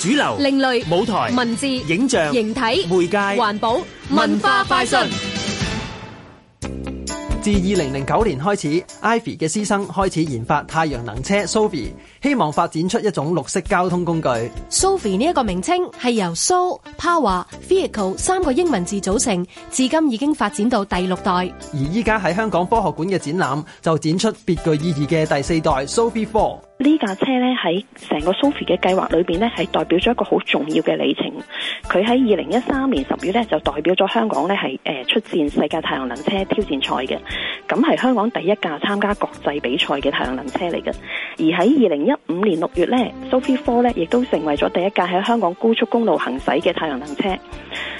主流、另類舞台、文字、影像、形體、媒介、環保、文化快訊。自二零零九年開始，Ivy 嘅師生開始研發太陽能車 Sophie，希望發展出一種綠色交通工具。Sophie 呢一個名稱係由 So、Power、Vehicle 三個英文字組成，至今已經發展到第六代。而依家喺香港科學館嘅展覽就展出別具意義嘅第四代 Sophie Four。呢架車咧喺成個 Sophie 嘅計劃裏邊咧，係代表咗一個好重要嘅里程。佢喺二零一三年十月咧，就代表咗香港咧係誒出戰世界太陽能車挑戰賽嘅。咁係香港第一架參加國際比賽嘅太陽能車嚟嘅。而喺二零一五年六月咧，Sophie Four 咧亦都成為咗第一架喺香港高速公路行駛嘅太陽能車。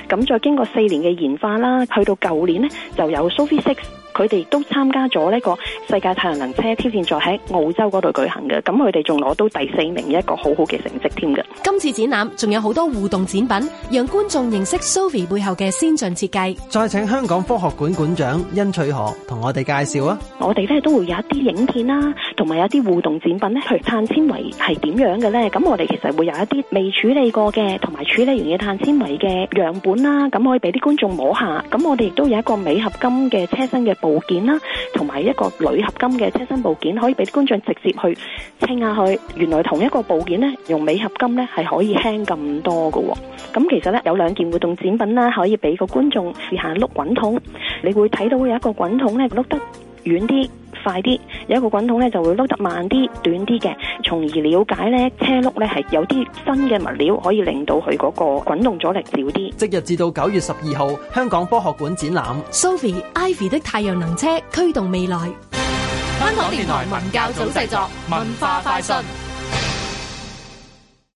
咁再經過四年嘅研發啦，去到舊年咧就有 Sophie Six，佢哋都參加咗呢個。世界太陽能車挑戰賽喺澳洲嗰度舉行嘅，咁佢哋仲攞到第四名，一個好好嘅成績添嘅。今次展覽仲有好多互動展品，讓觀眾認識 Sophie 背後嘅先進設計。再請香港科學館館長殷翠荷同我哋介紹啊！我哋咧都會有一啲影片啦，同埋有一啲互動展品咧。譬如碳纖維係點樣嘅呢？咁我哋其實會有一啲未處理過嘅，同埋處理完嘅碳纖維嘅樣本啦。咁可以俾啲觀眾摸下。咁我哋亦都有一個鎂合金嘅車身嘅部件啦，同埋一個鋁合金嘅車身部件可以俾觀眾直接去秤下。下去原來同一個部件呢，用鎂合金呢係可以輕咁多嘅。咁其實呢，有兩件活動展品啦，可以俾個觀眾試下碌滾筒。你會睇到有一個滾筒呢碌得遠啲、快啲，有一個滾筒呢就會碌得慢啲、短啲嘅，從而了解呢，車碌呢係有啲新嘅物料可以令到佢嗰個滾動阻力少啲。即日至到九月十二號，香港科學館展覽，Sophie Ivy 的太陽能車驅動未來。香港電台文教組製作，文化快訊。